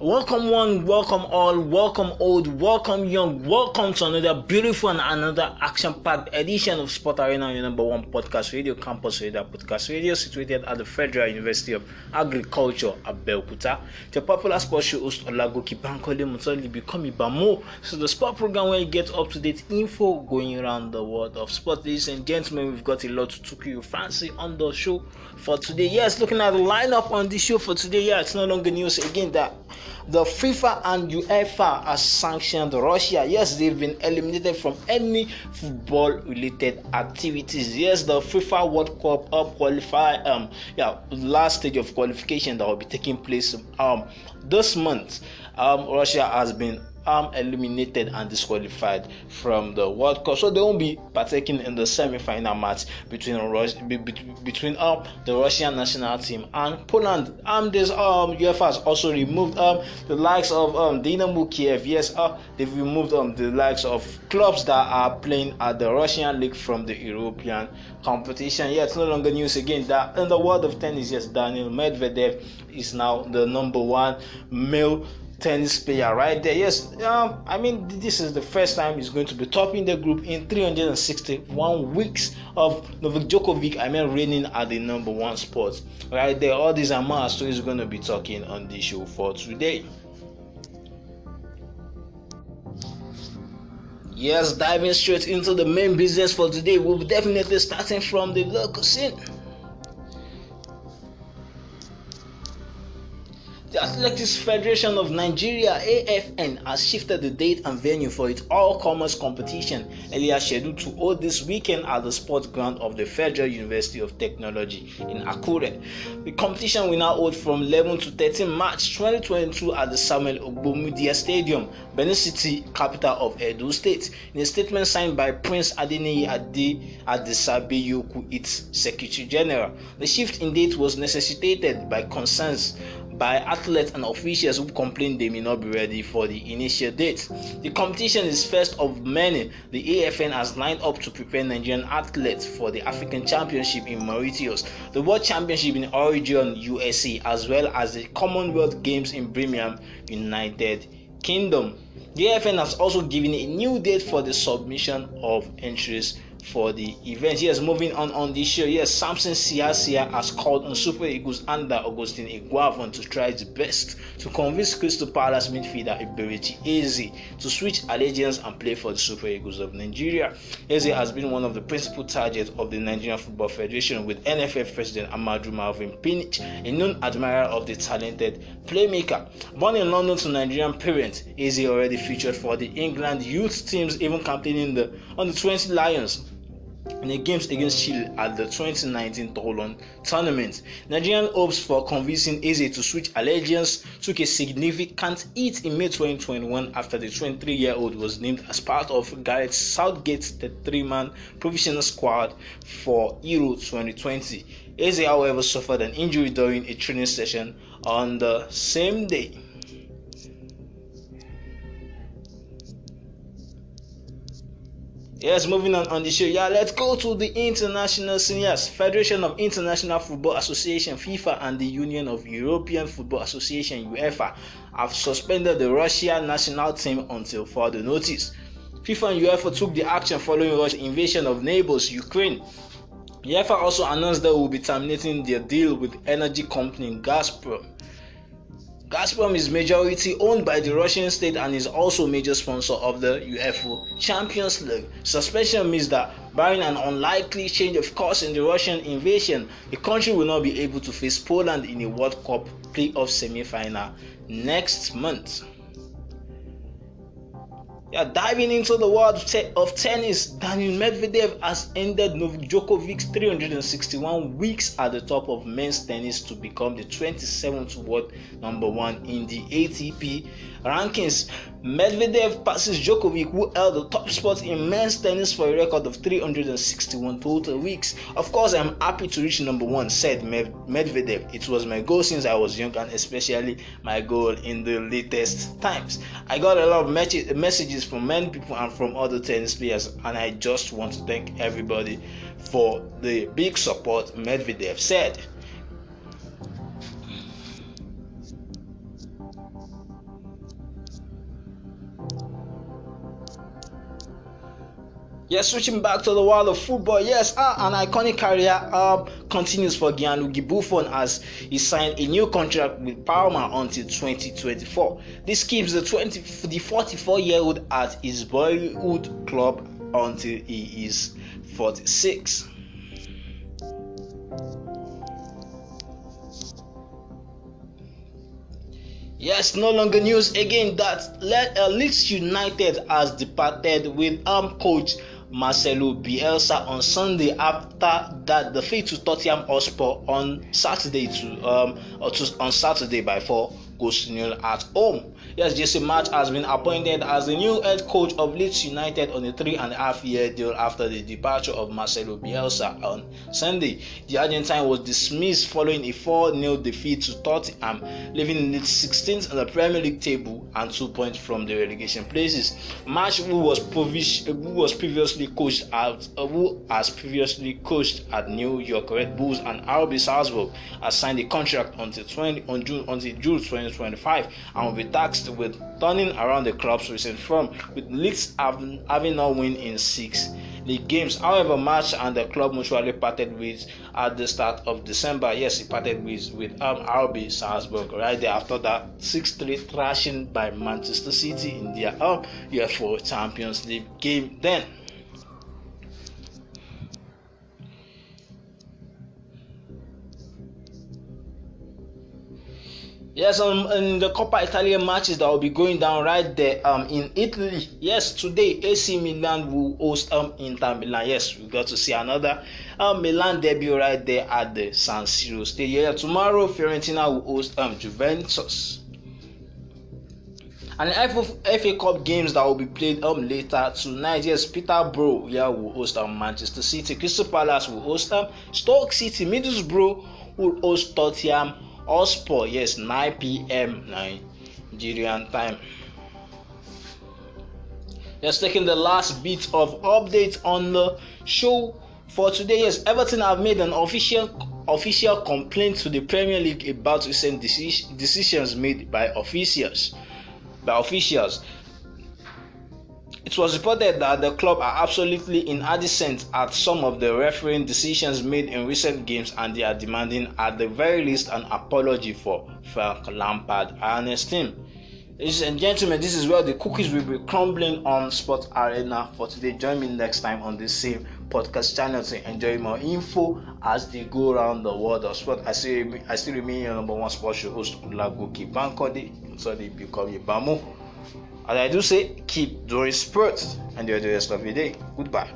Welcome one, welcome all, welcome old, welcome young, welcome to another beautiful and another action-packed edition of Sport Arena, your number one podcast radio, campus radio, podcast radio, situated at the Federal University of Agriculture, Abeokuta. The popular sports show host Olagoki Bankole Mutoli become Ibamo. So the sport program where you get up-to-date info going around the world of sport. Ladies and gentlemen, we've got a lot to take you fancy on the show for today. Yes, looking at the lineup on this show for today, yeah, it's no longer news again that The FIFA and UEFA have sanctioned Russia. Yes, they've been eliminated from any football related activities. Yes, the FIFA World Cup up uh, qualify um yeah last stage of qualification that will be taking place um this month. Um Russia has been um, eliminated and disqualified from the World Cup. So they won't be partaking in the semi-final match between Rus- between um, the Russian national team and Poland. Um, this um UEFA has also removed um the likes of um Dynamo Kiev. Yes, uh, they've removed um the likes of clubs that are playing at the Russian league from the European competition. Yeah, it's no longer news again that in the world of tennis, yes, Daniel Medvedev is now the number one male tennis player right there. Yes, um, I mean this is the first time he's going to be topping the group in 361 weeks of Novak Djokovic. I mean reigning at the number one spot right there. All these are more stories he's going to be talking on this show for today. Yes, diving straight into the main business for today. We'll be definitely starting from the local scene. The Athletics Federation of Nigeria AFN has shifted the date and venue for its all commerce competition earlier scheduled to hold this weekend at the sports ground of the Federal University of Technology in Akure. The competition will now hold from 11 to 13 March 2022 at the Samuel Ogbomudia Stadium, Benin City, capital of Edo State. In a statement signed by Prince Adeniyi Ade Adesabeyoku, its Secretary General, the shift in date was necessitated by concerns by athletes and officials who complained they may not be ready for the initial date. The competition is first of many. The AFN has lined up to prepare Nigerian athletes for the African Championship in Mauritius, the World Championship in Oregon, USA, as well as the Commonwealth Games in Birmingham, United Kingdom. The AFN has also given a new date for the submission of entries for the event. Yes, moving on on this show, yes, Samson Siasia has called on Super Eagles under Augustine Iguavon to try his best to convince Crystal Palace midfielder Iberici Eze to switch allegiance and play for the Super Eagles of Nigeria. Eze has been one of the principal targets of the Nigerian Football Federation with NFF President Amadou Marvin Pinich, a known admirer of the talented playmaker. Born in London to Nigerian parents, Eze already featured for the England youth teams, even captaining the under 20 Lions in the games against Chile at the 2019 Toulon tournament. Nigerian hopes for convincing Eze to switch allegiance took a significant hit in May 2021 after the 23-year-old was named as part of Gareth Southgate's three-man provisional squad for Euro 2020. Eze, however, suffered an injury during a training session on the same day. Yes, moving on on the show. Yeah, let's go to the international Seniors Federation of International Football Association FIFA and the Union of European Football Association UEFA have suspended the Russia national team until further notice. FIFA and UEFA took the action following Russia's invasion of neighbors Ukraine. UEFA also announced they will be terminating their deal with energy company Gazprom. Gazprom is majority owned by the Russian state and is also major sponsor of the UEFA Champions League. Suspension means that barring an unlikely change of course in the Russian invasion, the country will not be able to face Poland in a World Cup playoff semi-final next month diving into the world of tennis. Daniel Medvedev has ended Novak Djokovic's 361 weeks at the top of men's tennis to become the 27th world number one in the ATP rankings. Medvedev passes Djokovic, who held the top spot in men's tennis for a record of 361 total weeks. Of course, I'm happy to reach number one, said Medvedev. It was my goal since I was young, and especially my goal in the latest times. I got a lot of messages from many people and from other tennis players, and I just want to thank everybody for the big support, Medvedev said. Yes, switching back to the world of football. Yes, uh, an iconic career uh, continues for Gianluigi Buffon as he signed a new contract with Parma until 2024. This keeps the 20, the 44-year-old at his boyhood club until he is 46. Yes, no longer news again that Le- uh, Leeds United has departed with arm um, coach Marcelo Bielsa on Sunday. After that, the fate to Tottenham Hotspur on Saturday to um to, on Saturday by four goes nil at home. Yes, Jesse March has been appointed as the new head coach of Leeds United on a three and a half year deal after the departure of Marcelo Bielsa on Sunday. The Argentine was dismissed following a 4 0 defeat to Tottenham, leaving Leeds 16th on the Premier League table and two points from the relegation places. March, who was, provis- who was previously coached at who has previously coached at New York Red Bulls and RB Salzburg, has signed a contract until 20 on June until June 2025 and will be taxed with turning around the club's recent form, with Leeds having, having not won in six league games. However, match and the club mutually parted ways at the start of December. Yes, he parted with, with um, RB Salzburg right there after that 6 3 thrashing by Manchester City in their um, UEFA Champions League game. Then Yes, um, in the Coppa Italia matches that will be going down right there um, in Italy. Yes, today AC Milan will host um, Inter Milan. Yes, we got to see another um, Milan debut right there at the San Siro Stadium. Tomorrow, Fiorentina will host um, Juventus. And FA, FA Cup games that will be played um later tonight. Yes, Peterborough yeah, will host um, Manchester City. Crystal Palace will host um, Stoke City. Middlesbrough will host Tottenham Ospor, yes, 9 p.m. Nigerian time. Just taking the last bit of update on the show for today. Yes, Everton have made an official official complaint to the Premier League about recent deci- decisions made by officials. By officials, it was reported that the club are absolutely inadvertent at some of the refereeing decisions made in recent games and they are demanding, at the very least, an apology for Frank Lampard and his team. Ladies and gentlemen, this is where the cookies will be crumbling on Sports Arena for today. Join me next time on this same podcast channel to enjoy more info as they go around the world of sport. I still, I still remain your number one sports show host, Olagoke Bankode, so they become Bamu. As I do say, keep doing sports. and you're the rest of your day. Goodbye.